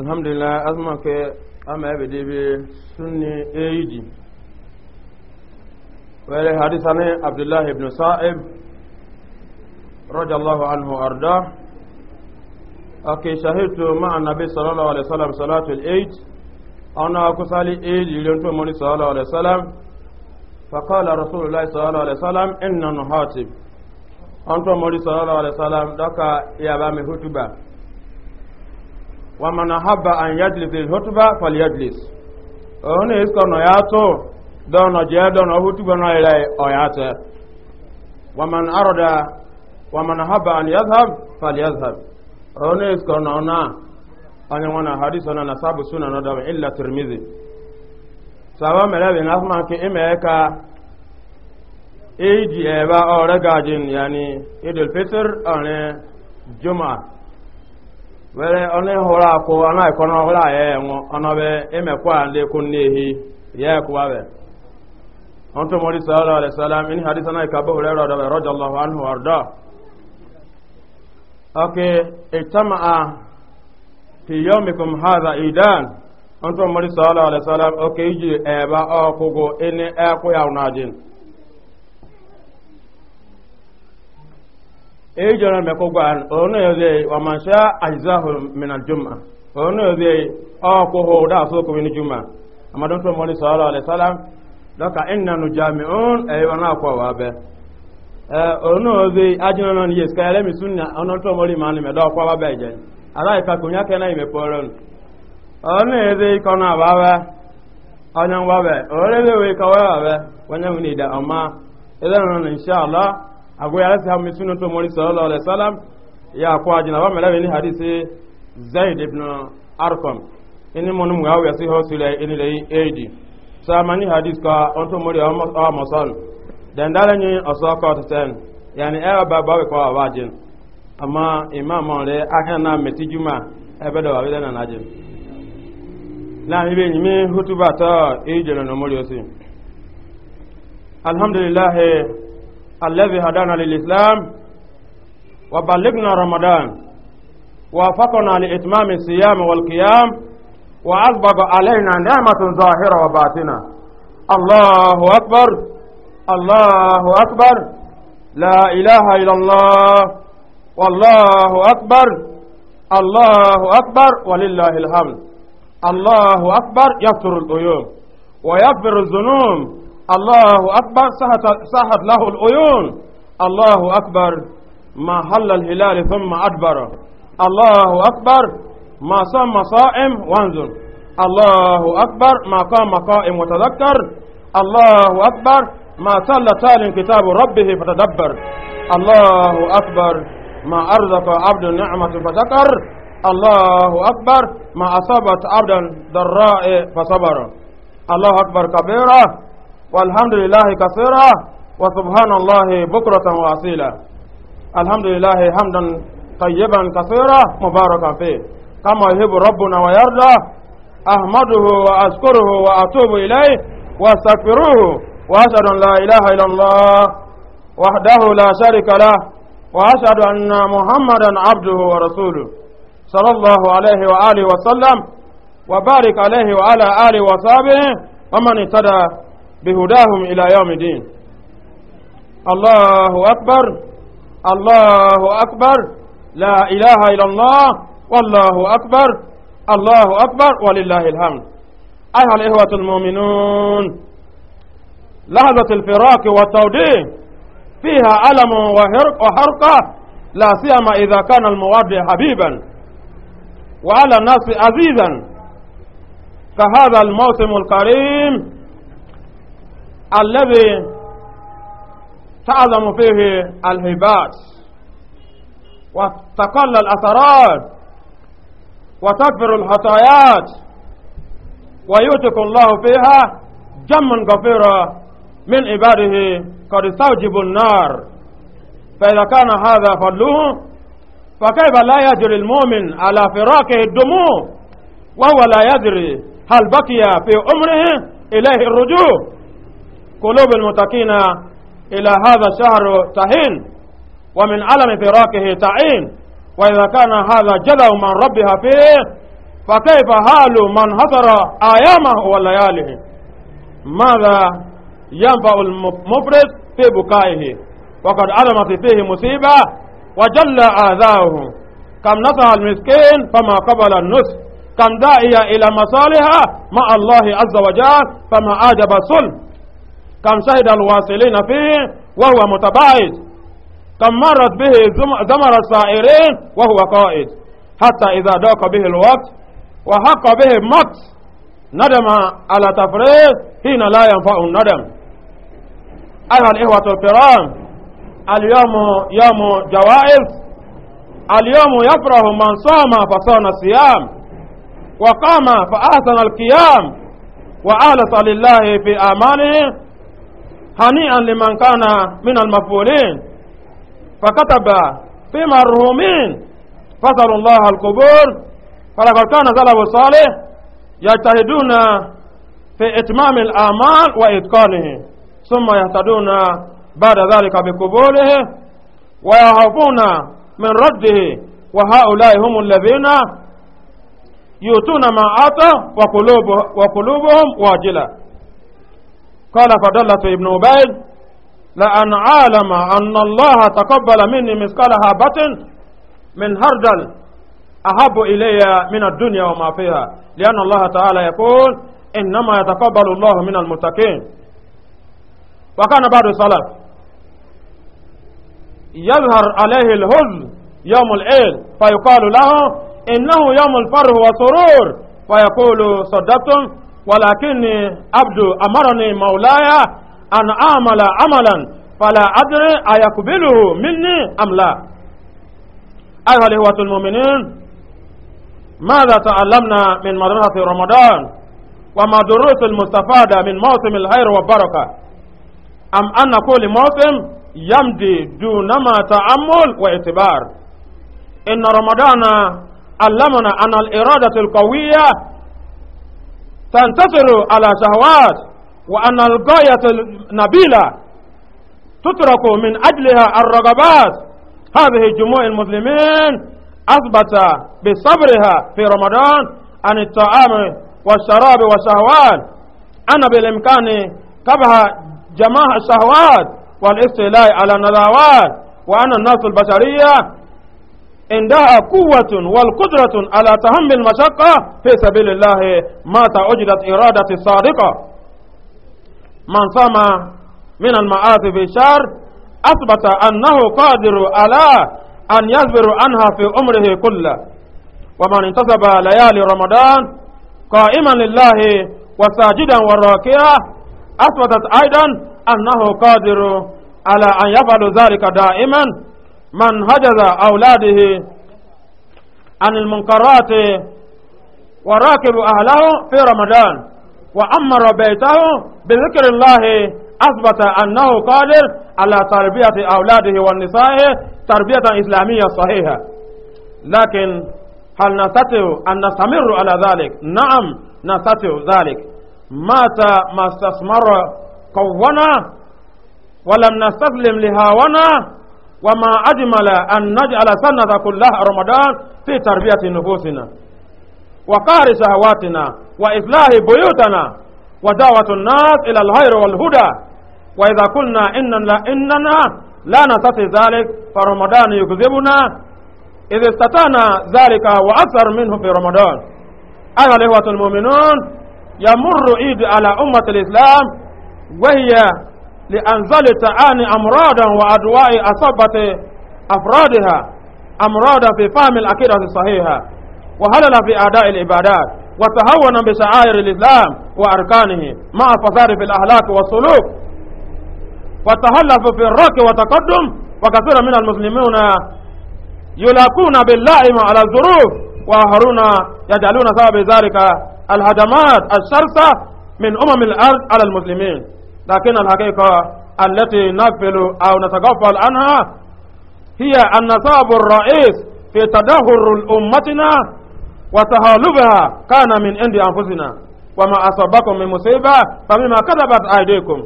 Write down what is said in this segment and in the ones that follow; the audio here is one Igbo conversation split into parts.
alhamdulillah azuma ke ama ebe debe sunni eyiji wele hadisa ne abdullah ibn sa'ib radiyallahu anhu arda ake shahidtu ma'a nabi sallallahu alaihi wasallam salatul eid ana kusali eid lon to moni sallallahu alaihi wasallam فقال رسول الله صلى الله عليه وسلم إن نهاتب أنتم مولي صلى الله عليه وسلم دكا يا بامي ومن أحب أن يجلس الخطبة فليجلس أهنا يسكن ياتو دون جيدون أهتبا إلي أياته ومن أرد ومن أحب أن يذهب فليذهب أهنا يسكن أنا أن يوانا حديثنا نصاب سنة ندب إلا ترمذي سوا ملابي نحما كي إميكا إيجي إبا أو رقاجين يعني إيد الفطر أو جمعة were onye hụrụ akwụ na n'ọhụrụ a ya enwu ọnọbe emekwa lekwu nnehi ya ekwuwabe ọtụ mori sallallahu alaihi wasallam in hadith ọrụ ka bụ hụrụ ọdọbe rọjallahu anhu ọrdọ oke itama'a fi idan ọtụ mori oke iji ebe ịnị ekwu ya ejọrọ mekọ gwa ọnụ eze ọmansha ajizahụ mina juma ọnụ eze ọkwụhụ da asụ kọmin juma amadon tó mọlẹ sọlọ alẹsálàm lọkà ẹnìnanu jami ọhún ẹyọ náà kọ wà bẹ ẹ ọnụ eze ajínà náà yẹ sika ẹlẹmi sún ní ọnụ tó mọlẹ màá ni mẹdọ ọkọ wà bẹ jẹ aláìka kò agoya alasi ha mi sunu to mori sallallahu alaihi Salam ya ko ajina ba mala ni hadisi zaid ibn arqam ini monu mu awu yasi hosule ini lei eidi sa mani hadis ka onto mori o mosal dan dala ni asaka to ten yani e ba ba ko awajin amma imam on le ahana metijuma e be do bi na najin la ibe ni mi hutuba ta e jelo no mori osi alhamdulillah الذي هدانا للإسلام وبلغنا رمضان وافقنا لإتمام الصيام والقيام وأسبغ علينا نعمة ظاهرة وباطنة الله أكبر الله أكبر لا إله إلا الله والله أكبر الله أكبر ولله الحمد الله أكبر يستر العيوب ويغفر الذنوب الله أكبر صحت له العيون الله أكبر ما حل الهلال ثم أدبر الله أكبر ما صام صائم وانزل الله أكبر ما قام قائم وتذكر الله أكبر ما تل تال كتاب ربه فتدبر الله أكبر ما أرزق عبد نعمة فذكر الله أكبر ما أصابت عبدا ضراء فصبر الله أكبر كبيرا والحمد لله كثيرا وسبحان الله بكرة وأصيلا الحمد لله حمدا طيبا كثيرا مباركا فيه كما يحب ربنا ويرضى أحمده وأشكره وأتوب إليه وأستغفره وأشهد أن لا إله إلا الله وحده لا شريك له وأشهد أن محمدا عبده ورسوله صلى الله عليه وآله وسلم وبارك عليه وعلى آله وصحبه ومن اهتدى بهداهم إلى يوم الدين الله أكبر الله أكبر لا إله إلا الله والله أكبر الله أكبر ولله الحمد أيها الإخوة المؤمنون لحظة الفراق والتوديع فيها ألم وحرقة لا سيما إذا كان المودع حبيبا وعلى الناس عزيزا فهذا الموسم الكريم الذي تعظم فيه الهبات وتقل الأثرات وتكفر الخطايات ويؤتك الله فيها جما غفيرا من عباده قد استوجب النار فإذا كان هذا فضله فكيف لا يجري المؤمن على فراقه الدموع وهو لا يدري هل بقي في عمره إليه الرجوع قلوب المتقين إلى هذا الشهر تهين ومن علم فراقه تعين وإذا كان هذا جدع من ربها فيه فكيف حال من حصر أيامه ولياله ماذا ينفع المفرد في بكائه وقد علمت فيه مصيبة وجل آذاؤه كم نصح المسكين فما قبل النصح كم داعي إلى مصالحه مع الله عز وجل فما أعجب الصلب كم شهد الواصلين فيه وهو متباعد كم مرت به زمر السائرين وهو قائد حتى إذا ضاق به الوقت وحق به المقت ندم على تفريط حين لا ينفع الندم أيها الإخوة الكرام اليوم يوم جوائز اليوم يفرح من صام فصان الصيام وقام فأحسن القيام وآلص لله في أمانه هنيئا لمن كان من المفعولين فكتب في مرهومين فصلوا الله القبور فلقد كان سلف الصالح يجتهدون في إتمام الأعمال وإتقانه ثم يهتدون بعد ذلك بقبوله ويهربون من رده وهؤلاء هم الذين يؤتون ما أعطوا وقلوبهم واجله قال فضلة ابن عبيد لأن عالم أن الله تقبل مني مثقال هابة من هردل أحب إلي من الدنيا وما فيها لأن الله تعالى يقول إنما يتقبل الله من المتقين وكان بعد الصلاة يظهر عليه الهز يوم العيد فيقال له إنه يوم الفرح والسرور فيقول صدقتم ولكني عبد أمرني مولاي أن أعمل عملا فلا أدري أيقبله مني أم لا أيها الإخوة المؤمنين ماذا تعلمنا من مدرسة رمضان وما دروس المستفادة من موسم الخير والبركة أم أن كل موسم يمضي دونما تأمل واعتبار إن رمضان علمنا أن الإرادة القوية تنتصر على شهوات وأن الغاية النبيلة تترك من أجلها الرغبات هذه جموع المسلمين أثبت بصبرها في رمضان عن الطعام والشراب والشهوات أنا بالإمكان كبها جماع الشهوات والاستيلاء على النذاوات وأن الناس البشرية عندها قوة والقدرة على تحمل المشقة في سبيل الله مات أجدت إرادة صادقة من صام من المعاصي في شهر أثبت أنه قادر على أن يصبر عنها في عمره كله ومن انتصب ليالي رمضان قائما لله وساجدا وراكعا أثبتت أيضا أنه قادر على أن يفعل ذلك دائما من هجز أولاده عن المنكرات وراكب أهله في رمضان وأمر بيته بذكر الله أثبت أنه قادر على تربية أولاده والنساء تربية إسلامية صحيحة لكن هل نستطيع أن نستمر على ذلك؟ نعم نستطيع ذلك مات ما استثمر قونا ولم نستسلم لهاونا وما أجمل أن نجعل سنة كلها رمضان في تربية نفوسنا وقهر شهواتنا وإصلاح بيوتنا ودعوة الناس إلى الخير والهدى وإذا قلنا إننا, إننا لا نستطيع ذلك فرمضان يكذبنا إذ استطعنا ذلك وأكثر منه في رمضان أيها الإخوة المؤمنون يمر عيد على أمة الإسلام وهي لأنزل تعاني أمراضا وأدواء أصابت أفرادها أمراضا في فهم الأكيدة الصحيحة وهلل في أداء العبادات وتهون بشعائر الإسلام وأركانه مع فساد في الأخلاق والسلوك وتهلف في الرك وتقدم وكثير من المسلمون يلاقون باللائم على الظروف وآخرون يجعلون سبب ذلك الهدمات الشرسة من أمم الأرض على المسلمين لكن الحقيقة التي نغفل أو نتغفل عنها هي النصاب الرئيس في تدهور أمتنا وتهالبها كان من عند أنفسنا وما أصابكم من مصيبة فمما كذبت أيديكم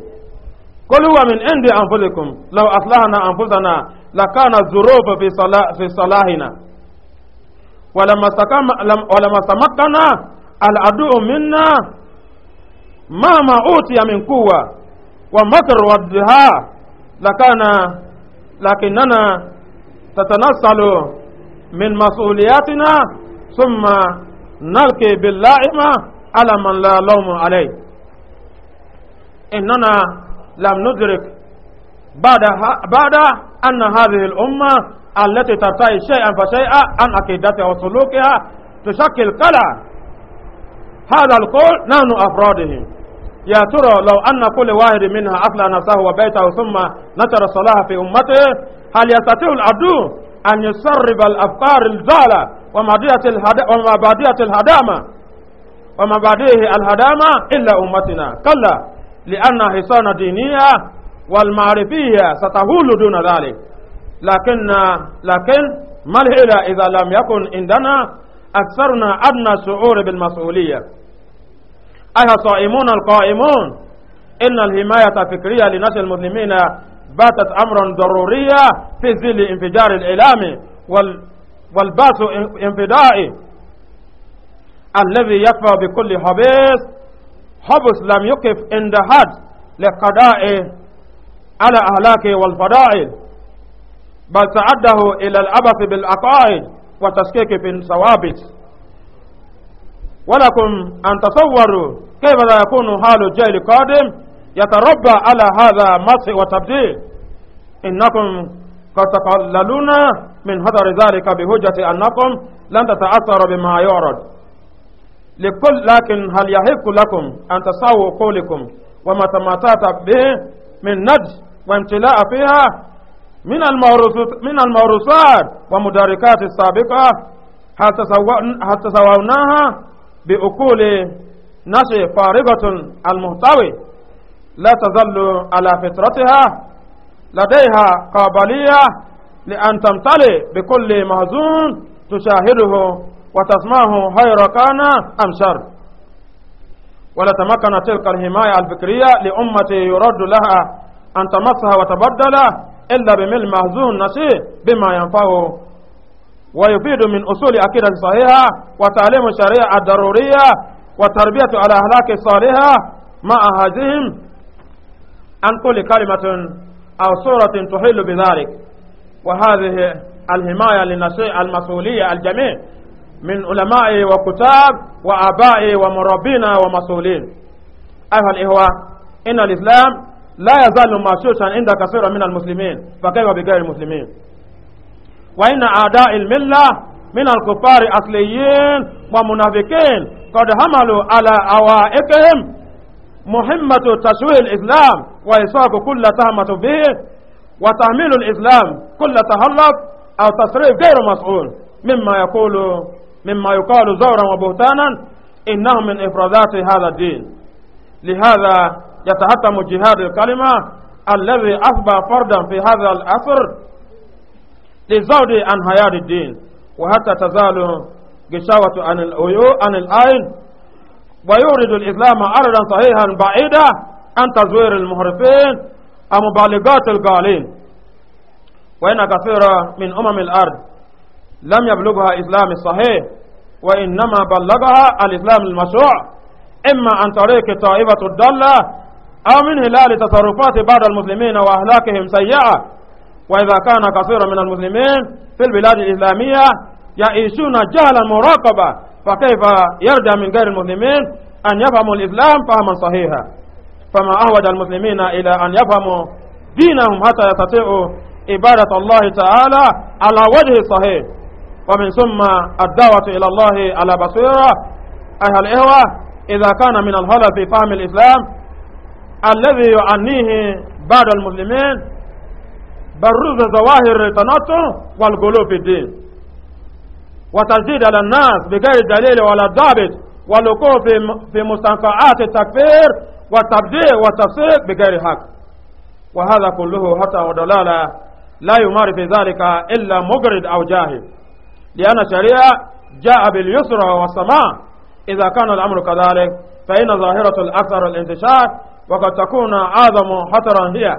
كل هو من عند أنفسكم لو أصلحنا أنفسنا لكان الظروف في صلاح في صلاحنا ولما استقام ولما استمكنا العدو منا مهما أوتي من قوة ومكر والدهاء لكان لكننا تتنصل من مسؤولياتنا ثم نلقي باللائمة على من لا لوم عليه إننا لم ندرك بعد, بعد أن هذه الأمة التي ترتعي شيئا فشيئا عن عقيدتها وسلوكها تشكل قلع هذا القول نحن أفراده يا ترى لو أن كل واحد منها أخلى نفسه وبيته ثم نشر الصلاة في أمته هل يستطيع العدو أن يسرب الأفكار الزالة ومبادئة الهدامة ومبادئه الهدامة إلا أمتنا كلا لأن حصان دينية والمعرفية ستهول دون ذلك لكن لكن ما الحيلة إذا لم يكن عندنا أكثرنا أدنى شعور بالمسؤولية أيها صائمون القائمون إن الحماية فكرية لنشر المسلمين باتت أمرا ضروريا في ظل انفجار الإعلام وال والباس انفدائي الذي يفى بكل حبس حبس لم يقف عند حد لقضاء على أهلاك والفضائل بل تعده إلى العبث بالعقائد وتشكيك في الثوابت ولكم أن تصوروا كيف يكون حال الجيل القادم يتربى على هذا مسح وتبديل إنكم قد تقللون من هدر ذلك بهجة أنكم لن تتأثروا بما يعرض لكل لكن هل يحق لكم أن تصوروا قولكم وما تماتات به من نج وامتلاء فيها من من الموروثات ومداركات السابقة هل تساووناها بأقول نشي فارغة المهتوي لا تظل على فطرتها لديها قابلية لأن تمتلئ بكل مهزون تشاهده وتسمعه خير كان أم شر ولتمكن تلك الحماية الفكرية لأمة يرد لها أن تمسها وتبدل إلا بمل مهزون نشي بما ينفعه ويفيد من أصول أكيدة صحيحة وتعليم الشريعة الضرورية وتربية على أهلاك صالحة مع هذهم عن كل كلمة أو سورة تحل بذلك وهذه الحماية للنشيء المسؤولية الجميع من علماء وكتاب وآباء ومربين ومسؤولين أيها الإخوة إن الإسلام لا يزال مغشوشا عند كثير من المسلمين فكيف بغير المسلمين وإن أعداء الملة من الكفار أصليين ومنافقين قد حملوا على عوائقهم مهمة تشويه الإسلام وإصاب كل تهمة به وتحميل الإسلام كل تهلك أو تصريف غير مسؤول مما يقول مما يقال زورا وبهتانا إنه من إفرادات هذا الدين لهذا يتحتم جهاد الكلمة الذي أصبح فردا في هذا العصر لزود عن حياة الدين وحتى تزال قشاوة عن الأيو عن الآين ويورد الإسلام عرضا صحيحا بعيدا عن تزوير المحرفين ومبالغات القالين وإن كثيرا من أمم الأرض لم يبلغها إسلام الصحيح وإنما بلغها الإسلام المشروع إما عن طريق طائفة الدلة أو من خلال تصرفات بعض المسلمين وأهلاكهم سيئة وإذا كان كثيرا من المسلمين في البلاد الإسلامية يعيشون جهلا مراقبة فكيف يرجى من غير المسلمين أن يفهموا الإسلام فهما صحيحا فما أهود المسلمين إلى أن يفهموا دينهم حتى يستطيعوا عبادة الله تعالى على وجه صحيح ومن ثم الدعوة إلى الله على بصيرة أيها الإخوة إذا كان من الهدف في فهم الإسلام الذي يعنيه بعض المسلمين بروز ظواهر التنطع والقلوب في الدين وتزيد على الناس بغير دليل ولا ضابط والوقوف في في مستنقعات التكفير والتبديع والتفسيق بغير حق وهذا كله حتى ودلالة لا يمار في ذلك إلا مجرد أو جاهل لأن الشريعة جاء باليسر والسماء إذا كان الأمر كذلك فإن ظاهرة الأكثر الانتشار وقد تكون أعظم خطرا هي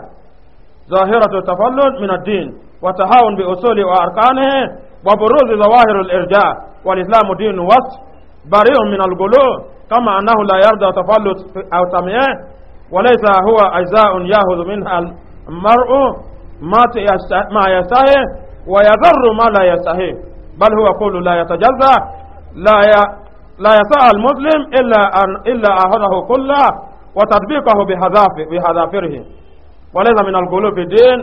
ظاهرة التفلت من الدين وتهاون بأصوله وأركانه وبروز ظواهر الإرجاء والإسلام دين وسط بريء من الغلو كما أنه لا يرضى تفلت أو تمييع وليس هو أجزاء يأخذ منها المرء ما يستحي ويذر ما لا يستحي بل هو قول لا يتجزأ لا ي... لا يسعى المسلم إلا أن إلا أخذه كله وتطبيقه بحذافره وليس من القلوب الدين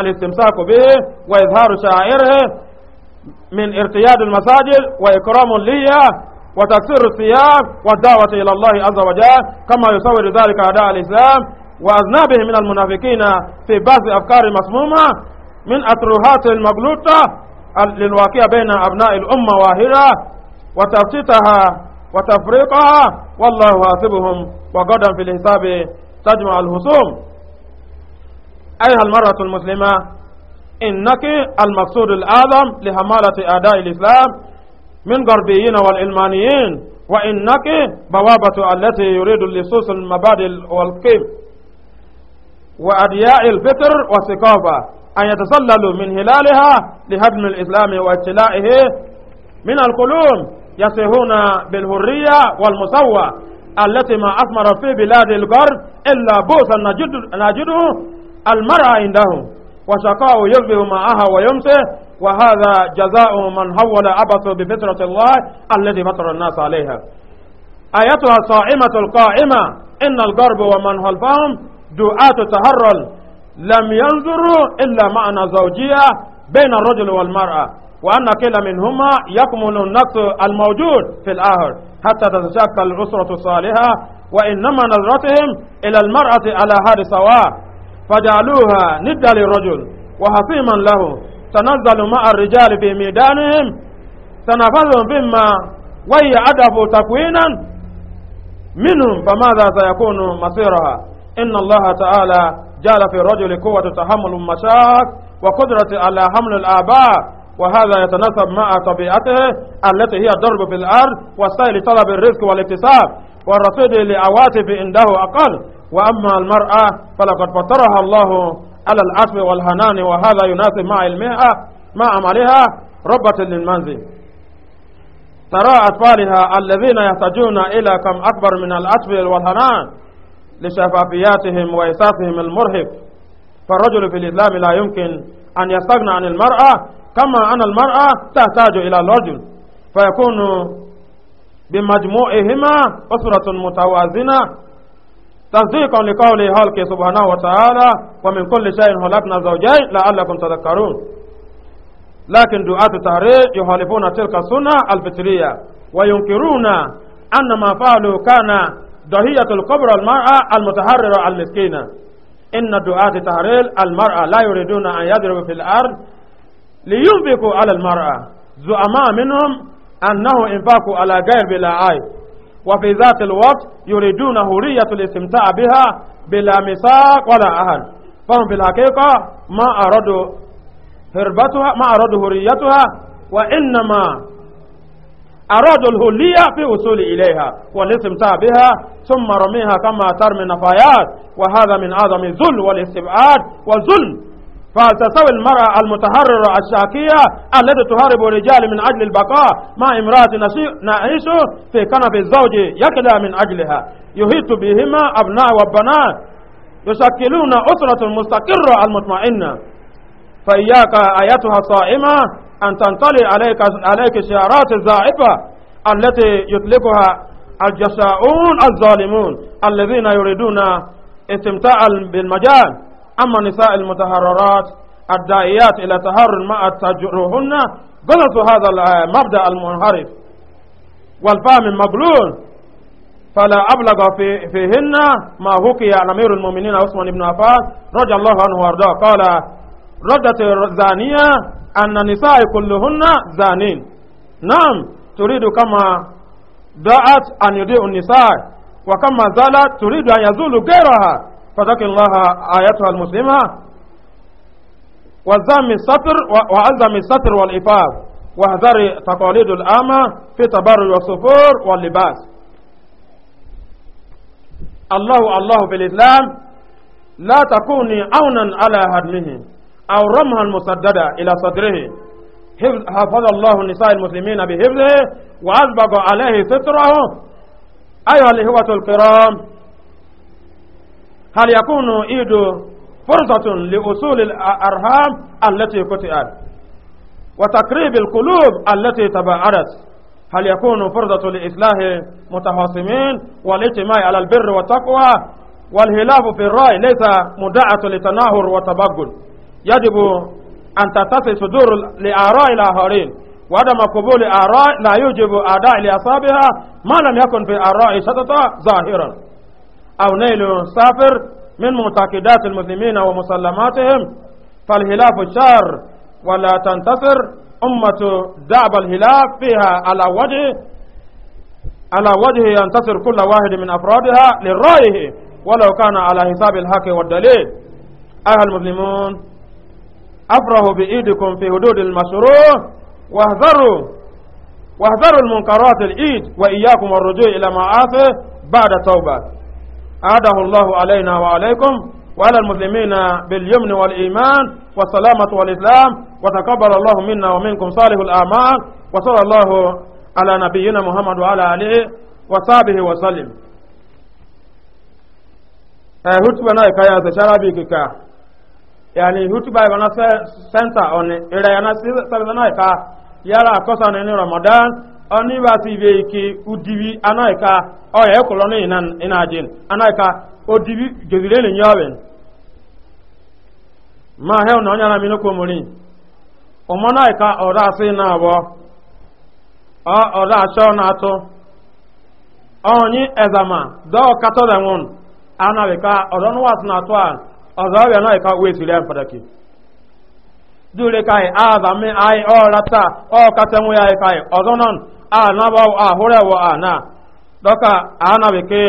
الاستمساك به وإظهار شعائره من ارتياد المساجد وإكرام ليا وتكسير الثياب والدعوة إلى الله عز وجل كما يصور ذلك أداء الإسلام وأذنابه من المنافقين في بعض أفكار مسمومة من أطروحات المغلوطة للواقع بين أبناء الأمة واهرة وتفتيتها وتفريقها والله واثبهم وقدم في الحساب تجمع الهصوم أيها المرأة المسلمة إنك المقصود الأعظم لحمالة أداء الإسلام من غربيين والإلمانيين وإنك بوابة التي يريد لصوص المبادئ والقيم وأدياء الفكر والثقافة أن يتسللوا من هلالها لهدم الإسلام وابتلائه من القلوب يصيحون بالحرية والمساواة التي ما أثمر في بلاد الغرب إلا بوسا نجده المرأة عنده وشقاء يصبح معها ويمسه وهذا جزاء من هول عبث بفطرة الله الذي فطر الناس عليها آيتها الصائمة القائمة إن الغرب ومن خلفهم دعاة تهرل لم ينظروا إلا معنى زوجية بين الرجل والمرأة وأن كلا منهما يكمن النقص الموجود في الآخر حتى تتشكل الأسرة الصالحة وإنما نظرتهم إلى المرأة على هذا سواء فجعلوها ندا للرجل وحصيما له تنزل مع الرجال في ميدانهم تنفذ مما وهي أدب تكوينا منهم فماذا سيكون مصيرها إن الله تعالى جعل في الرجل قوة تحمل المشاق وقدرة على حمل الآباء وهذا يتناسب مع طبيعته التي هي الضرب في الأرض وسائل طلب الرزق والاكتساب والرصيد لعواتف عنده أقل وأما المرأة فلقد فطرها الله على العفو والهنان وهذا يناسب مع المئة مع عملها ربة للمنزل ترى أطفالها الذين يحتاجون إلى كم أكبر من العفو والهنان لشفافياتهم وإساسهم المرهف فالرجل في الإسلام لا يمكن أن يستغنى عن المرأة كما أن المرأة تحتاج إلى الرجل فيكون بمجموعهما أسرة متوازنة تصديقا لقوله هالك سبحانه وتعالى ومن كل شيء هلكنا زوجين لعلكم تذكرون لكن دعاة التحرير يخالفون تلك السنة الفطرية وينكرون أن ما فعلوا كان ضحية الكبرى المرأة المتحررة المسكينة إن دعاة التحرير المرأة لا يريدون أن يضربوا في الأرض لينفقوا على المرأة زعماء منهم أنه إنفاق على غير بلا عيب وفي ذات الوقت يريدون هورية الاستمتاع بها بلا مساق ولا أهل فهم في الحقيقة ما أرادوا هربتها ما أرادوا هوريتها وإنما أرادوا الهولية في وصول إليها والاستمتاع بها ثم رميها كما ترمي نفايات وهذا من أعظم الذل والاستبعاد والظلم فلتسوي المرأة المتحررة الشاكية التي تهرب الرجال من أجل البقاء مع امرأة نعيش في كنف الزوج يكلا من أجلها يهيت بهما أبناء وبنات يشكلون أسرة مستقرة المطمئنة فإياك آياتها الصائمة أن تنطلي عليك, عليك شعارات الزائفة التي يطلقها الجشاؤون الظالمون الذين يريدون استمتاع بالمجال أما نساء المتهررات الداعيات إلى تهرر ما تجرهن قلت هذا المبدأ المنحرف والفهم المبلول فلا أبلغ في فيهن ما حكي على أمير المؤمنين عثمان بن عفان رضي الله عنه وارضاه قال ردت الزانية أن النساء كلهن زانين نعم تريد كما دعت أن يضيء النساء وكما زالت تريد أن يزول غيرها فذكر الله آياتها المسلمة وزام السطر وعزم السطر والإفاظ وهذر تقاليد الأمة في تبرج والسفور واللباس الله الله في الإسلام لا تكوني عونا على هدمه أو رمها المسددة إلى صدره حفظ الله نساء المسلمين بحفظه وأذبق عليه ستره أيها الإخوة الكرام هل يكون عيد فرصة لأصول الأرهام التي قطعت وتقريب القلوب التي تباعدت هل يكون فرصة لإصلاح متخاصمين والاجتماع على البر والتقوى والهلاف في الرأي ليس مدعة لتناهر وتبغل يجب أن تتسع صدور لآراء الآخرين وعدم قبول آراء لا يوجب أداء لأصابها ما لم يكن في آراء شتت ظاهرا أو نيل سافر من معتقدات المسلمين ومسلماتهم فالهلاف شار ولا تنتصر أمة دعب الهلاف فيها على وجه على وجه ينتصر كل واحد من أفرادها لرأيه ولو كان على حساب الحق والدليل أيها المسلمون أفرحوا بإيدكم في حدود المشروع واحذروا واحذروا المنكرات الإيد وإياكم الرجوع إلى معافي بعد توبة أعاده الله علينا وعليكم وعلى المسلمين باليمن والإيمان والسلامة والإسلام وتقبل الله منا ومنكم صالح الأعمال وصلى الله على نبينا محمد وعلى آله وصحبه وسلم hutuba na ka ya zashara bi kika yani hutuba ya na center on ira ya na sabe na ka yara akosa ne ramadan oni ba si be ki udibi anoika o ya ni nan inajin anoika odibi jodire le nyawen ma he no nyara mi no ko mori o mo o na bo o o na to onyi ezama do kato da won o don was na to a o zo be noika we padaki dure kai aza mi ai o rata o katenwu ya kai ozonon a na ba a hore wa ana doka ana be ke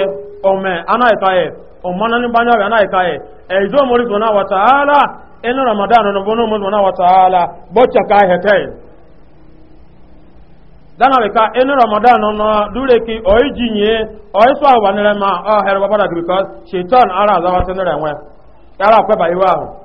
ome ana e kai o na ni banya ana e kai e do mori na wa taala eno ramadan no bono mo tona wa taala bocha kai hete dana be ka eno ramadan no dure ki o ijinye o iso wa nere ma o hero baba da because shaitan ara za wa tenere nwe ara kwe ba iwa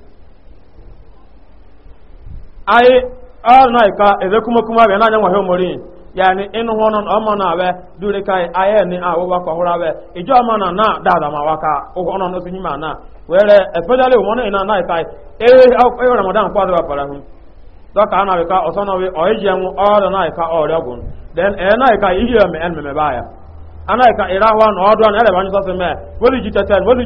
ayi ar na ka ebe kuma kuma be na nya wahe omori yani inu hono na omo na be dure kai e, aye ni awuwa hura ijo omo na na dada ma waka o hono were especially wono ina na kai e e, e e ramadan kwa da para hu doka ka na na me ya ana irawa na na ele me wori jitete wori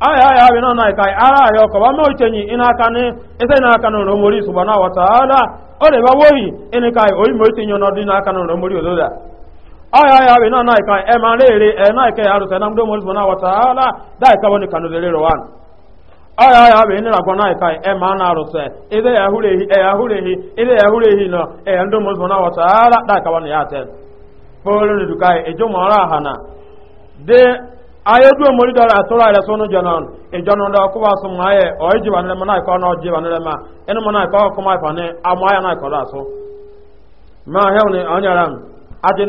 aya ya bi nana kai ara ya ko ba mo tenyi ina kane ese na kanu no mori subhanahu wa ta'ala o le ba woyi ina kai o mo tenyi no di na kanu no mori ododa aya ya bi nana kai e ma ọ e na kai aru sanam do mori wa ta'ala ka woni ya bi ina ko na kai e ma na aru se ide ya hurehi e ya hurehi ide ya hurehi no e ndo mori subhanahu wa ta'ala dai ka woni ya e, mara hana de ayeju omori dara atora ere sunu janan ijanu da ko ba so maye o iji ba nlema na ko na oji ba nlema enu mo na ko ko ma fa ne amo aya na ko da so ma hew ne anyaram ya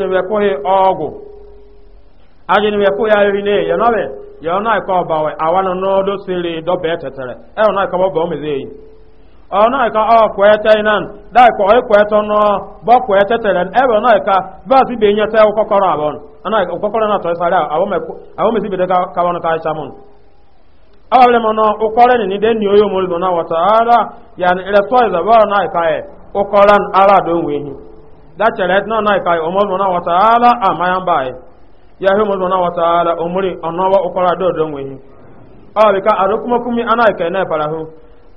ne ye no be na ko ba we awanu ọ̀nà ìka ọ̀kọ̀ ẹ̀tẹ́ iná dáìkọ̀ ọ̀ẹ́kọ̀ ẹ̀tọ́ náà bọ́kọ̀ ẹ̀tẹ́ tẹ̀lẹ̀ ẹ̀rọ náà ìka báàsì bèé yẹn tẹ́ ọkọ̀kọ̀rọ̀ àbọ̀n ọkọ̀kọ̀rọ̀ náà tọ́ ìsàlẹ̀ àwọn mẹ́sì káwọn náà táyé sàmùn awọ́lẹ́mọ̀ náà ọkọ̀rẹ́ nìní dé ní oyó náà wọ̀ta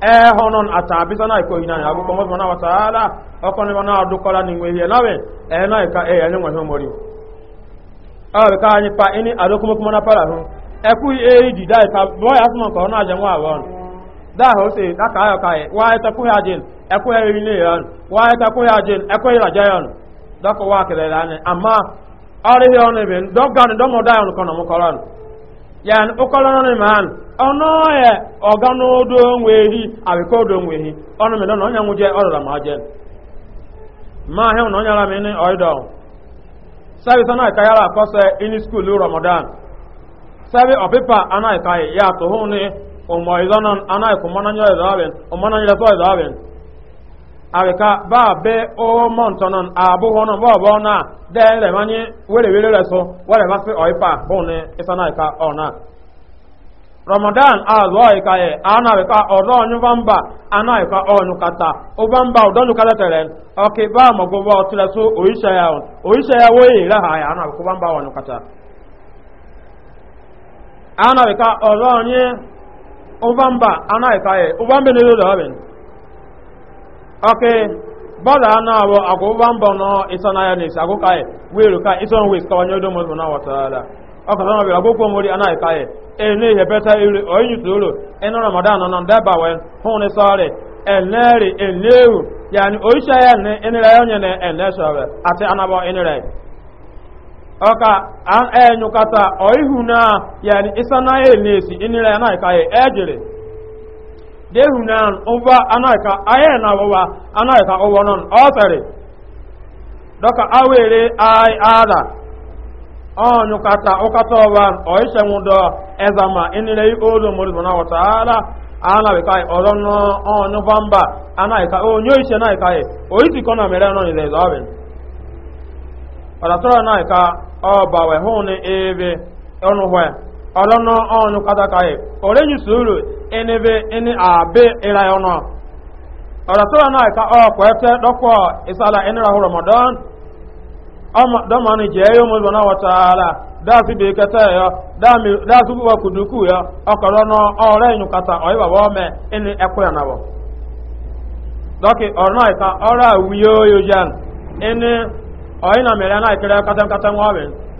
ehonon atabisana iko hina ya bu komo bona wataala okoni bona adukola ni ngwe ena ka e yanyo ngwe mori awe ka ni pa ini adokumo kuma na para hun eku e di dai boy ko na ajan wa won da ho da ka ayo ka e wa ku hajin eku e ni yan wa ku hajin eku ira da ko wa kere ran amma ari yo ne ben do yani ụkọlọ nọ man ọnụ ọhịa ọga n'odo nwehi awịka odo nwehi ọnụ mere na onye nwụje ọrụra ma je ma ahịa na onye ara m ni ọịdọ service anaghị ka yara akọsọ ini skuul ramadan sabi ọpịpa anaghị ka ya atụhụ ni ụmụ ịzọ nọ anaghị kụ mmanụ anyị ọzọ ọbịa ụmụ mmanụ nyere ọzọ abika ba be o montonon abu hono bo bo na de le manye wele wele le so wele ma se oipa hone isana ka ona ramadan azo ika e ana be ka oro onyu bamba ana ika onyu kata o bamba o donu kata o ke ba mo go ba so oisha ya oisha ya wo yi la ha ya ana ko bamba kata ana be ka o bamba ana e o bamba ne lo okay bọ́ọ̀lù àná àwọ̀ àkóbá ń bọ̀ náà isan náà ní ìsàkó káyẹ̀ wíìlú káyẹ̀ isan wíìs onye ní ọdún na náà wọ̀tá rárá ọkọ̀ sọ́nà bí agbókò mórí aná ìkáyẹ̀ ẹni ìyẹ̀ pẹ́tà ìrì ramadan náà dẹ́bà wẹ̀ ati anabọ ọka na na na dehu nan uba anaka aye na baba anaka nọ non otare doka awere ai ada onu kata okata oh, oba oise oh, mudo ezama inile olo oh, mori bona wa taala ana we kai orono onu bamba anaka onyo ise na kai oisi kona mere no ile zaben paratro na ka oba we hune ebe onu hwe orono onu kata suru enebe ene abe ira yono ọ̀rọ̀ tó na ka ọ kọ̀ ẹ́tẹ́ dọ́kọ̀ ìsàlà ẹnira hù ramadan dọ́mọ ni jẹ́ yóò mọ́lùmọ́ náà wọ́ta ààlà dáàsì bí kẹtẹ́ yọ dáàsì bí wọ́n kùdùkù yọ ọkọ̀rọ̀ kata ka na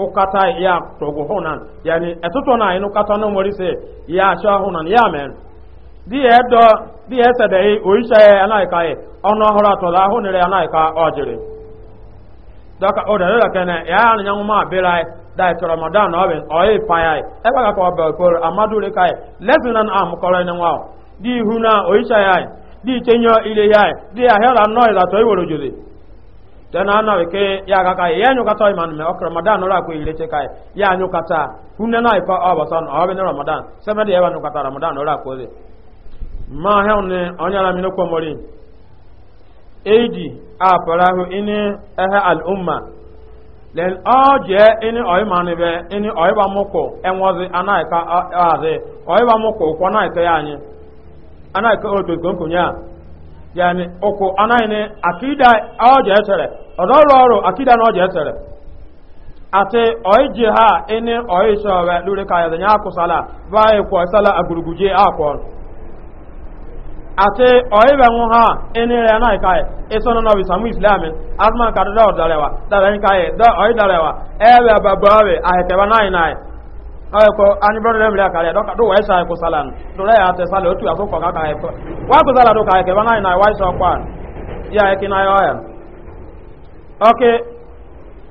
ukata ya togo honan yani etuto na inu kata no mori se ya sha honan ya men di edo di ese de ya e anaika e ono hora to la honere anaika ojere daka o da da kana ya na nyangu ma bela da to ramadan o ben o e pa e. e e, ya e ka ko ba ko amadu le kai lesunan am ko le nwa di huna oisha ya di chenyo ile ya di ahela no ila to iworo jode na ana weke ya ga kai ya nyu kata iman me ramadan ra ko ile ya nyu kata hunne na ifa abasan awe ne ramadan sema de ya nyu kata ramadan ra ko de ma he onne onyara mi no ko mori a parahu ini ehe al umma len ini ini ba ba ko na ite ya yani ụkwụ anaghị na akida ọja etere ọdọrụ ọrụ akida na ọja etere ati ọiji ha ini ọishi ọwe luri ka yadanya akwụsala ba ikwo sala aguruguje akwọ ati ọibenwu ha ini re na ikai iso na nobi samu islami azman kadada ọdarewa darewa ịwa ebe babawe ahekeba nai nai ayiko ani bɛrɛ lɛbi la kari dɔ do wɛsi ayiko sala la y'a tɛ sala o tu ka kan ayiko wa ko sala do k'ayikɛ bana yina wa sɔ kɔ ya eke na yɔ yɛ ɔke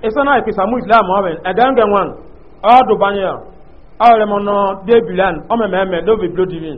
isa na islam ɔbɛn ɛdɛn gɛ ŋwan ɔ do ban yɛ ɔ yɛrɛ nọ nɔ de bilan ɔmɛ mɛmɛ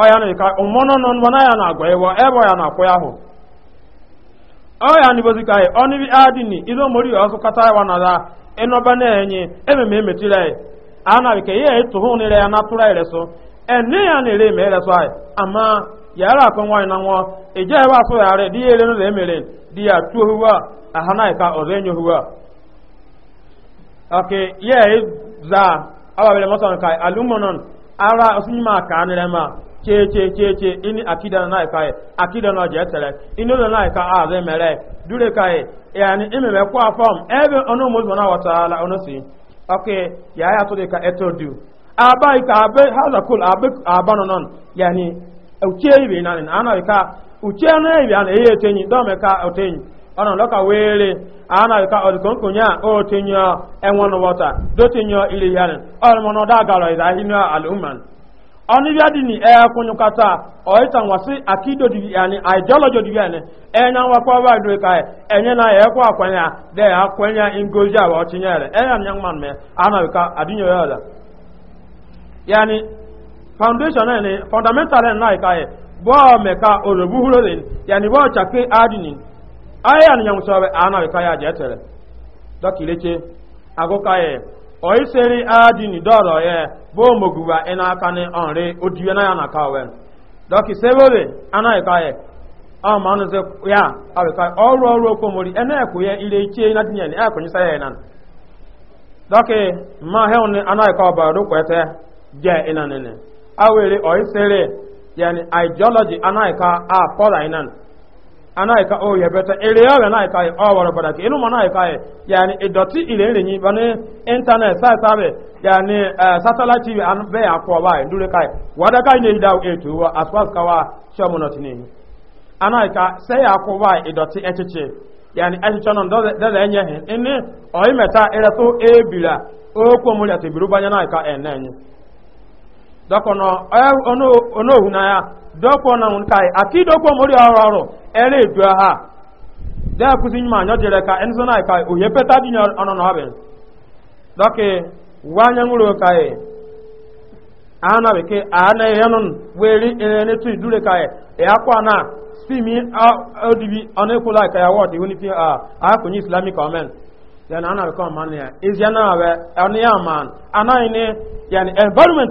ọya na ka ụmụnọ nọ nwa ya na agwa ewa ebe ya na akwụ ya ahụ ọya na ibozi ka ọnụ adị adịni izo mori ọsụ kata ewa na da ịnọba na enyi ememe emetira ya a na ka ihe ịtụ hụ nire ya na atụrụ ere so ene ya na-ere eme ere so anyị ama yara akọ nwaanyị na nwa ije ebe asụ ya arị di ya ere n'ụlọ emere di ya tuo huwa aha na ka ọzọ enye huwa ọkị ya za ababere mọsọ nka alụmọnọn ara osinima ka anịrị ma chechecheche ini akida na ikaye akida na je tere ini na ika aze mere dure kai yani imeme kwa form ebe onu muzo na wataala onu si okay ya ya to de ka etodu aba ika abe haza kul abe aba abano non yani uche ibe na ni ana ika uche na ibe ana eye tenyi do me ka otenyi ona loka wele ana ika odkonkonya otenyo enwono wata do tenyo ile yani ona mo no da garo ida hinu al umman ọnụ bịa dị ni ee eh, kata nwasị akido dị ya ni ideology dị ya ni enye nwakwa ọba enye na ya ekwe akwanye a de ya kwenye ngozi a ọ tinye ya enye m eh, ya mma anaghị ka adịnye ya ọla eh, ya ni foundation ni fundamental na ka ya bọọ meka orobu ya adịnị ahịa ya nwụsọ anaghị ka ya oiseri adini dọrọ ya bụ omoguba ị n'aka n'ọnri odiwe na ya na aka dọki sebebe anaghị ka ya ya ọrụ ọrụ okomori ena-ekwu ya ire ichie na ya ekwenyesa ya ịnan dọki mma ka je awere ka a anaika o ya beta ere ya na ka o wara ka ịnụma na mana yani ile nri nyi bane internet sa sa be yani eh, satellite ya an be akwa anyị ndure kaị wada etu ka wa shomo not ni anaika sai akwa anyị. idoti echiche yani echiche enye ya te biru na ka enenye dokono ya dɔkɔ na ŋun kaa ye a dɔkɔ mori ɛrɛ ha dɛɛ kusi ɲuman ɲɔ ka n'a ye kaa di ɲɔ ɔnɔ nɔ bɛ dɔkɛ ana bɛ kɛ ana ye yɛnɛn weeri ɛnɛ tu e ana si mi a o dibi ɔne ko la ka a yanni ana bɛ kɔn ne ya ezi ana man ana yi ne yanni environment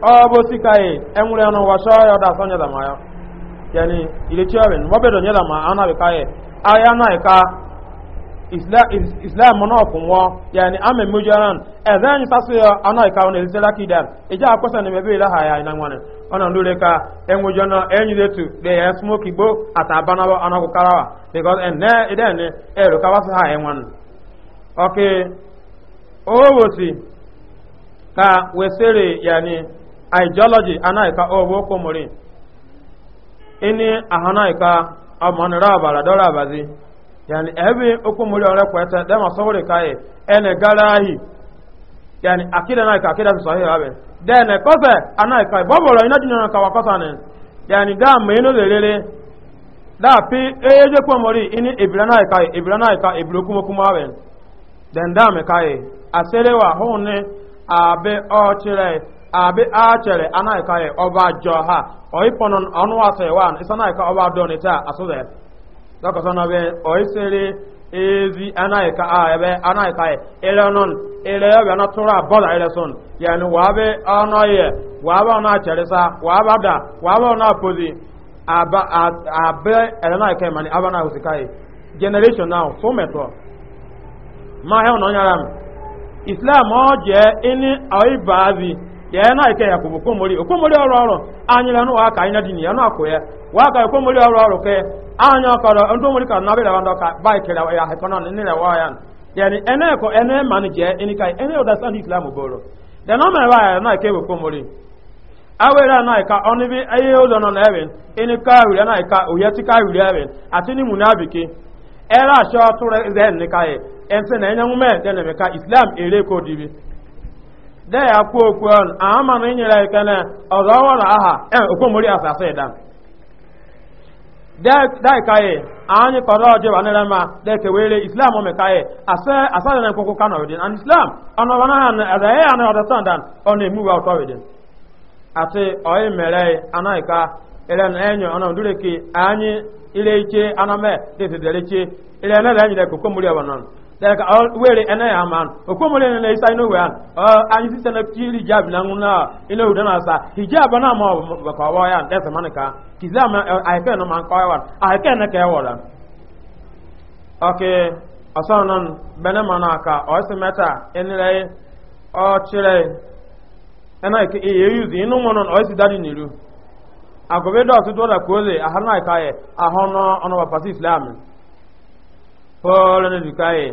ọbọ sika e enwere ọnụ wasọ ya ọda asọ ya yani ilechi ọbin wọbedo nyada ma ana ahịa yi islam na ika islam yani ama ẹzẹ anyị sasọ ya ana ọ na-ezite laki dan eji akwụsọ na mebe ya nwanne ọ na ndụ ka na ya smoke igbo ata abanabọ ene e ha enwanne ka wesere yani ideology anaghịka ọgbọ kwomori ini ahanaghịka ọmọnira abara dọrọ abazi yani ebe ụkwụ okwomori ọrẹ kwẹta dẹma sọwọrị kaị ẹnẹ e, gara ahị yani akida anaghịka akida sọ ihe abẹ dẹnẹ kọsẹ anaghịka bọbọrọ iná jìnnà kawa kọsa ni yani daa mmiri n'ụlọ elele daa pi eyeje kwomori ini ebiri anaghịka ebira anaghịka ebira okwumokwumo abẹ dẹn daa mekaị e, aserewa hụ ni abe ọchịrị e. abi achere anaghị ka ọba jọ ha oipọnọ ọnụ asa ewan isa anaghị ka ọba dọ nita asụzọ dọkọsọ na be oisiri ezi anaghị ka a ebe anaghị ka ile ọnụ ile ọbịa na tụrụ abọla ile son yani wabe ọnụ ihe wabe na chere sa wabe ada wabe na apụzi aba abe ele na ka mani aba na usika generation now so meto ma he ọnụ nyara m islam ọ jee ini oibazi ya na ike ya kwubu komori okomori ọrụ ọrụ anyị lanu wa ka ina dini ya na ko ya wa ka okomori ọrụ ọrụ ke anya ka ro ndo mori ka na be ka ya ha kono ni le wa ya yani ene ko ene kai ene understand islam boro no me wa ya na ke bu komori na ka oni bi o na even na ya ka wi even ati ni era sho zen ni na ka islam ere de ya kwu okwu ọnụ ama na inyere ekene ọzọ ọhụrụ aha e okomori asasị ịdan daikaye anyị kọrọ ọjị banere ma dekewere islam omekaye e, asada na nkwụkwụ kano wedin and islam ọnọba na ha na ezehe ya na ọdọta ndan ọ na-emuwe emu ọtọ wedin ati ọyị e mere e, anaghịka ere na enyo ọnọ ndureki anyị ile iche aname desidere iche ire na-ere enyere kokomori ọbanọn daga were ene ya man okomole ne isa ino we an anyi sisa na kiri jab na nguna ile udana sa hijab na ma ba pa wa ya desa manaka kizama ai fe no man ko wa ai ke na ke wora okay asanan bene manaka o se meta enire o chire ke e use inu monon o dadi niru agobe do to do na ko le ahana ka islam Paul ne dukaye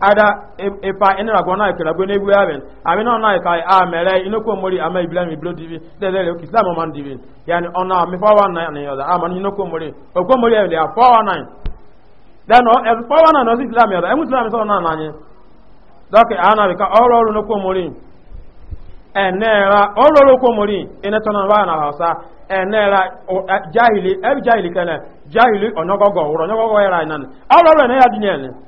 ada ipa ina na gona ikira gbe nebu aben abi na na ikai a mere inoko mori ama mi ibro divi de de ki sama man divi yani ona mi fa na na ne yoda ama inoko mori oko mori e ya fa na then o e fa na no yoda so na na nyi doke ana bi ka oro oro mori enera oro oro mori tona na hausa enera jahili e jahili kana jahili onogogo onogogo era nan oro oro na ya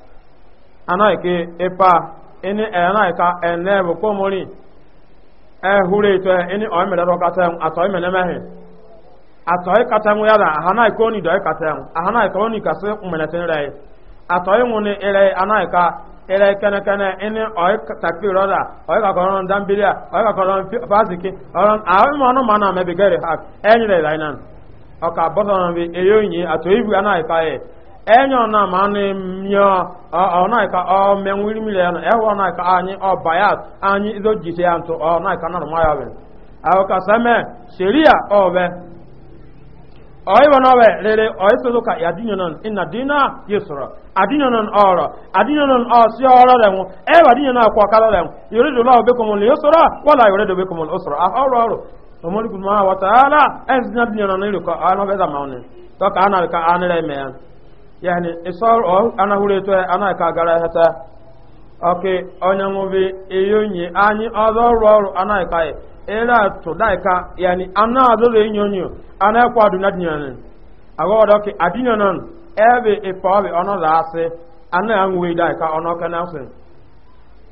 anaike ipa ini anaika ene bu komori e hure to ini o mere ro kata ato me nemehe ato e kata mu yara anaika oni do e kata mu anaika oni kase umene tin rai ato e ngune ere anaika ere kene kene ini o e takri ro da o e ka ko ron dambilia o e ka ko ron fasiki ron a mo no mana me bi gere hak enyi rai nan o ka bodo no bi eyo nyi ato ibu anaika e enyo na ma ni onai ka o me nwiri na e ka anyi o bayat anyi zo jite anto o ka na ma ya be awo ka same sheria o be o iwo no be lele o iso zo ka yadinyo non inna dina yusra adinyo non oro adinyo non o si na kwa kala mu be komo wala be komo a oro oro omori kuma wa taala dinyo ni ko da to yani isor o ana hureto e, ana ka gara hata oke onye anyị ọzọ ọrụ ọrụ ana ka e. ere atụ daika yani ana azụrụ enyonyo ana kwado na dinyan agodo ke adinyan ebe ipobe ono la ase ana anwe daika ono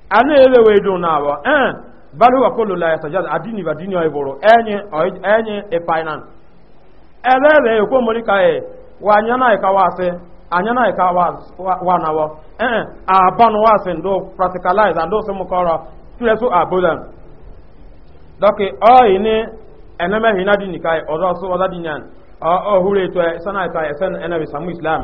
ana ele we do na ba eh balu wa kullu la adini dinyo enye enye e finance e wa nyana e ka wa anya na ka wa na wo eh abon wa sin do practicalize and do some koro stress abodan doke o ini eneme hina di nikai e, odo so oda di nyan o hure to e, sana ka ene samu islam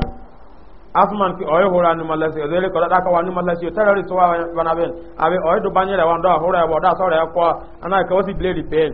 afman ki nu malasi ko da ka wa nu malasi o wa abi do banyere wa ndo e, wa da so re ko ana ka blade pain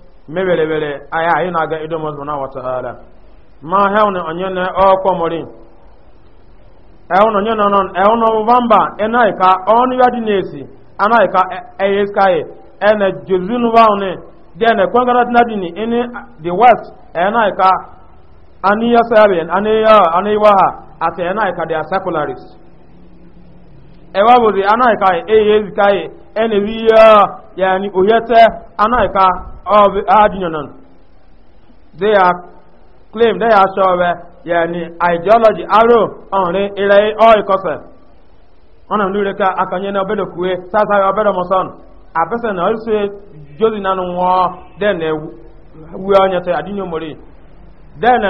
mebelebele aya anyị na aga ga ido mo zuna wa ta'ala ma hewne onyene o komori ehun onyene non ehun ovamba enaika onu yadi nesi anaika eyeskaye ene jozunu waone dene kongara nadini ini the west enaika aniya saben aniya aniwaha ate enaika they are secularists ewa bozi anaika eyezikaye ene wiya yani oyete anaika of adinyonon they are claim they are sure yani ideology aro ire ona akanye na obedo kuwe sasa ya obedo moson na jozi na uh, te adinyo mori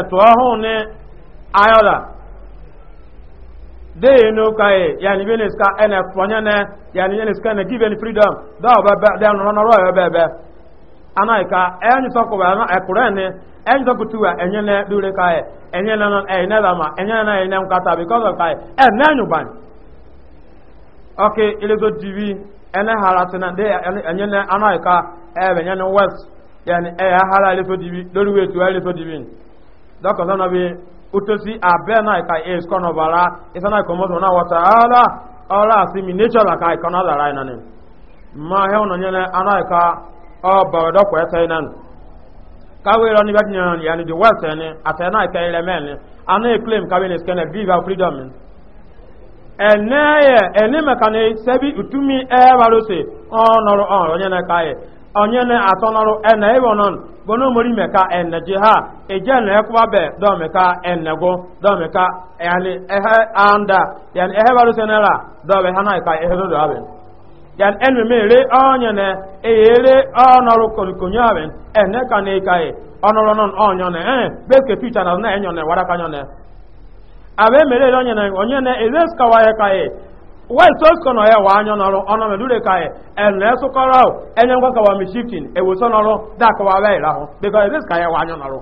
to uh, ni ayola no kai yani benes ka ene ne yani ka give any freedom da ba ba no no ro ya anaika enyi sokuba ana ekurene enyi sokutuwa enye ne dure kai enye na eh, enye na enyi enye na enye nkata because of kai eh, enye Ok okay ilezo tv ene haratina de enye na anaika ebe eh, enye no west yani e hara ilezo tv lori wetu ilezo tv doko sana bi utosi abe na kai is kono bara isana komoto na wata ala ala asimi nature la kai kono la rai na ne ma he ọbọdọ kọ ẹsẹ náà káwé rọ ní bẹ́tẹ̀ yẹn yẹn di west ẹni àtẹnà ìkẹyìn rẹ mẹ́rin àná ìclaim káwé ní scanner viva freedom ẹnẹ yẹ ẹni sẹbi ẹ na lóṣè ọ̀nọ̀rọ̀ ọ̀rọ̀ yẹn náà káyẹ ọ̀nyẹ́ ní ẹnẹ ìwọ̀n ẹnẹ jẹ ha ẹnẹ yan enwe me re onye ne eyere onoro kolikonyo ene e ka kai e, onoro non onyo ne eh beke na na ne waraka ne mere onye ne onye ne ezes kawa ye kai e. wa so ko no ye wa anyo noro ono me dure kai ene so ka mi shifting e wo so noro da ra ho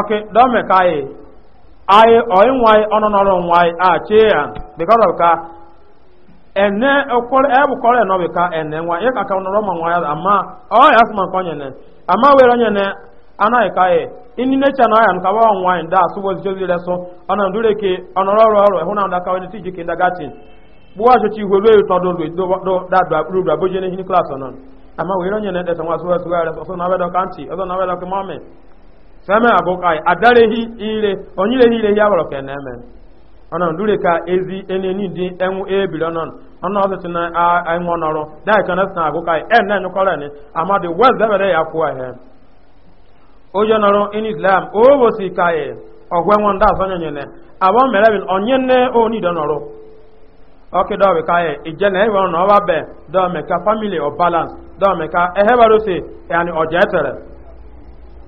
okay dome kai ai oi nwai ononoro nwai a che ya because ka ene okor e bu kore no bika ene nwa e ka onoro ma nwai ama o ya sma konye ne ama we ronye ne ana e kai ini ne na ya nka wa nwai nda so so ona ndure ke onoro ro e, ka we ti jike nda gatin bu wa so ti to do do da da ne hin class ama we ronye ne de so wa so wa so na sɛmɛ abokai adarehi ire onyirehi ire ya wɔrɔ kɛnɛ na ɔnɔ dure ka ezi eneni di ɛŋu ebiri ɔnɔ ɔnɔ ɔsɛsɛ na ɛŋɔ nɔrɔ dai kana sɛn abokai ɛnɛ nukɔrɔ ni amadi ya fua ihe ojo nɔrɔ in islam owo si ka ye ɔhwɛ ŋɔn da sɔnyɛ abụọ mere ka ɔba ka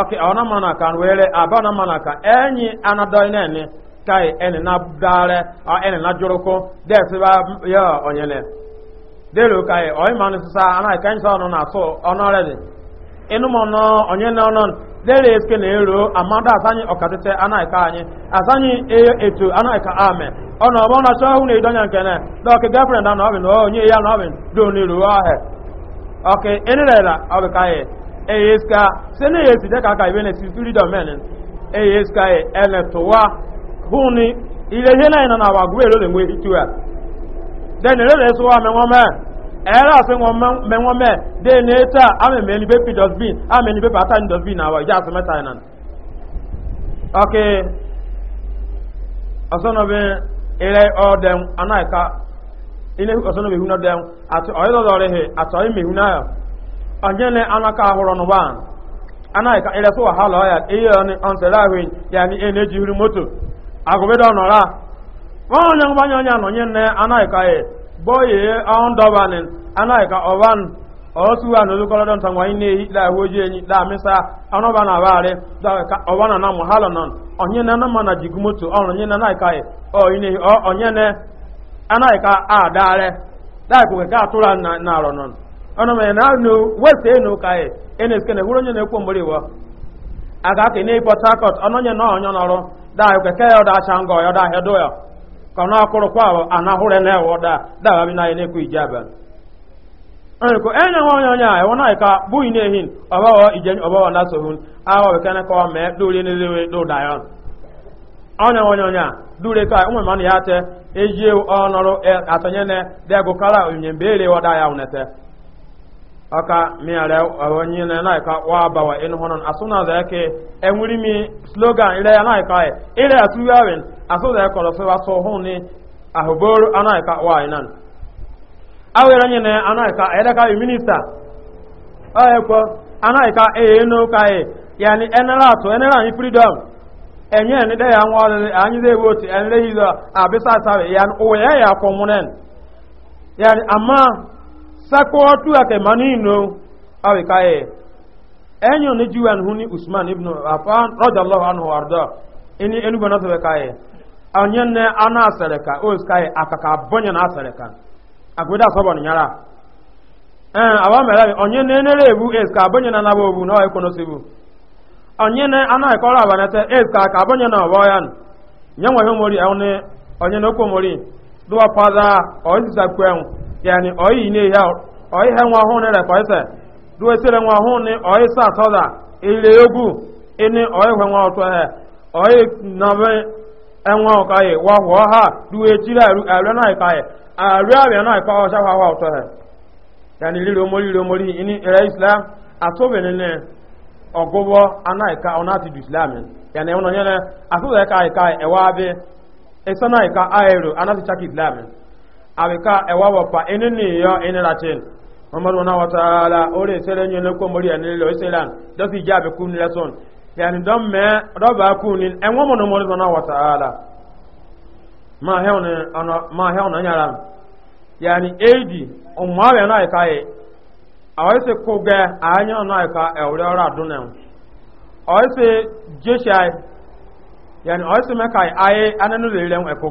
okay ona manaka were abana mana enyi anadoi nene kai ene na dare a ene na joroko de se ba ya onyele de lo kai oi manu sa ana kan so no na so onore de enu mo no onyele onon de le eske na ero amada asanyi okatete ana ka anyi asanyi e, etu ana ka amen ona na so hu do ke na no bi no onye ya no bi do ni ro ahe okay la kai eyeska sene yesi de kaka ibene si turi do menen eyeska e ele towa huni ile hena ina na wagwe lo le mwe hitua den le le so wa me won me era se won me won me de neta ame me ni be pi bin ame ni be pata ni dustbin na wa ja se meta ina okay asono be ile odem anaika ile asono be huna dem at oyo do re he at oyo me ya. anjele anaka ahụrụ n'ụban anaghị ka ịresị wahala ọya ihe ọnsere ahụ ya ni e na-ejihiri moto agụbedo nọra wọn onye ngbanye onye anọnye nne anaghị ka e ọban na enyi na na onye na anama na jigu moto ọrụ onye na ka e ọ inehi na ka ka na ọnụ mere na anụ west enu ka e ena esike na ewuru onye na-ekwo mgbere iwa aka aka ne port harcourt ọnụ onye na onye nọrụ da ke ya ọda acha ngọ ya ọda ahịa do ka na-akwụrụ kwa ana na ewe ọda da abi na ya na-ekwu ije abalị ọnụkọ enye nwa onye onye a ewu na ka bụghị n'ehin ọbaghọ ije ọbaghọ na sohun aghọ bekene ka ọ mee duri n'elewe doda ya onye onye nya a dure ka ụmụ mmanụ ya te ejie ọnọrụ e, atọnyene degụkara onyinye mgbe ere ọda ya unete aka miare awonye na na ka wa bawa in honon asuna da yake enwiri mi slogan ile na ka ile asu yawen aso da ko so wa so hun ni ahobor ana ka wa inan awira nye na ana ka ile ka minister aye ko ana ka e no ka e yani to ni freedom enye ni da ya nwa anyi da hizo abisa sabe yani o ya ya komunen yani amma sakotu ake manino awe kaye enyo ni juwan huni usman ibn affan radiyallahu anhu warda ini enu bana so kaye anyen ne ana sareka o kaye akaka bonya na sareka agoda so bon nyara eh awa mera onyen ne ne rebu es ka bonya na nabo bu na ikono sibu onye ne ana ikora abanete es ka ka bonya na oyan nyanwa he mori onye onyen ne ko mori duwa pada o isa kwen yani oyi na ya oyi ihe nwa hụ ne kwa ise du esere nwa hụ oyi sa tọda ile e, egwu ini e, oyi hwe nwa ọtọ ha oyi na be enwa ọka ye wa hụ ha du e, na ịka ye arụ na ịka ọcha hwa hwa ọtọ ha yani liri omori liri omori ini ere islam atọbe ne ne ọgụbọ anaghịka ọ na-atị du islam yani na abika ewa wapa ini ni yo ini latin mamadu na wataala ore sere nyene ko mori ani lo selan do fi jabe kun lesson yani don me do ba kun ni enwo mo no mori na wataala ma hewne ana ma yani o ma we na ka e se ko ge anya na ka e ore ora o se jeshai yani o se me ananu le le ko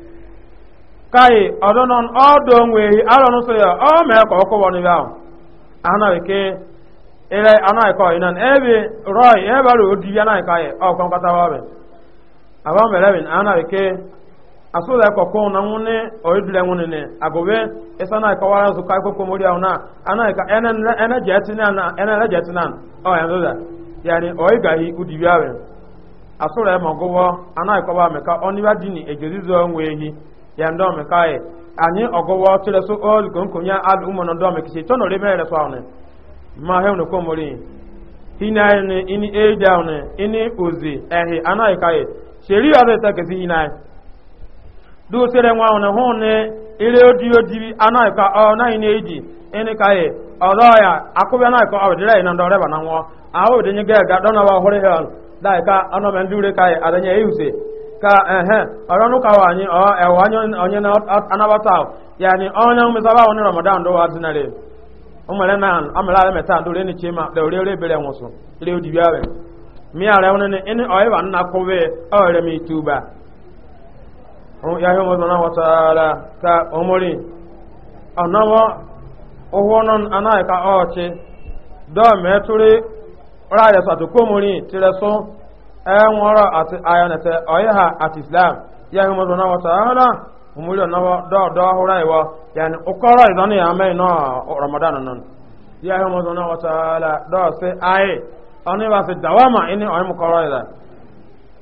kai ọdụnọn ọdụ onweghị arọ ya ọ mere ka ọ ya n'ibe ahụ anaghịke ere anaghịkọ inan ebe rọị ebe arụ odibi anaghịkọ anyị ọkwa ọbị abụọ mere anaghị asụlọ na agụbe ịsa akwụkwọ mori ahụ na na ọ ya nzụda yani oyigaghị udibi ahụ asụra ịmọgụwọ yando me kai ọgụgụ ogowo tule so ol kon kun ya al umma no do kisi tono re mere so ma he no ko hina ne ini e down ozi ehi anaghị kai sheri o ta kesi hina sere nwa one ho ne ire odi odi ka o na ini eji kai ya na na ịba na Ahụ nye ga ga do na ka ehe ọrọnụ kawa anyị ọ onye na anabata yani onye mmesaba onye ramadan do wa dinare umare na amara ala do re ni odi bia mi ara wa na kowe ore mi tuba o ya yo mo na wata ka omori anawa ohonon anai ɛnwɔrɔ ati ayɔnɛtɛ ɔyɛ ha ati islam yahu mu dɔnna wata ɛhɔnɔ mu dɔnna wɔ dɔɔ dɔɔ hura yi wɔ yanni ɔkɔrɔ yi dɔnni yamɛ yi nɔ ramadan nɔ yahu mu dɔnna wata ɛhɔnɔ dɔɔ se ayi ɔni b'a se dawama ɛni ɔyɛ mu kɔrɔ yi la.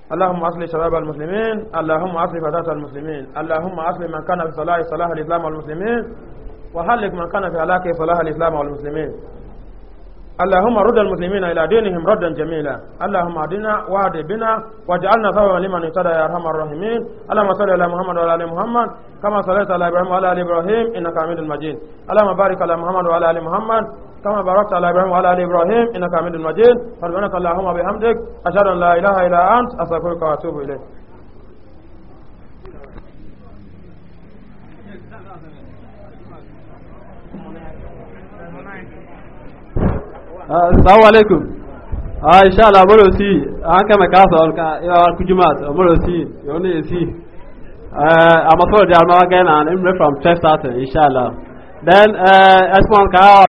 اللهم أصلح شباب المسلمين اللهم أصلح فتاة المسلمين اللهم أصلح من كان في صلاح صلاح الإسلام والمسلمين وحلق من كان في هلاكه صلاح الإسلام والمسلمين اللهم رد المسلمين إلى دينهم ردا جميلا اللهم اهدنا واهد بنا واجعلنا ثوابا لمن اهتدى يا أرحم الراحمين اللهم صل على محمد وعلى آل محمد كما صليت على إبراهيم وعلى آل إبراهيم إنك حميد مجيد اللهم بارك على محمد وعلى آل محمد كما باركت على إبراهيم وعلى آل إبراهيم إنك حميد مجيد سبحانك اللهم وبحمدك أشهد أن لا إله إلا أنت أستغفرك وأتوب إليك Uh, assalamu alaikum ah uh, insha Allah moro si an uh, kama kasa on ka iwa kujumat moro si yone si eh amaso de alma ga na I'm from Chester insha Allah then uh, S1 ka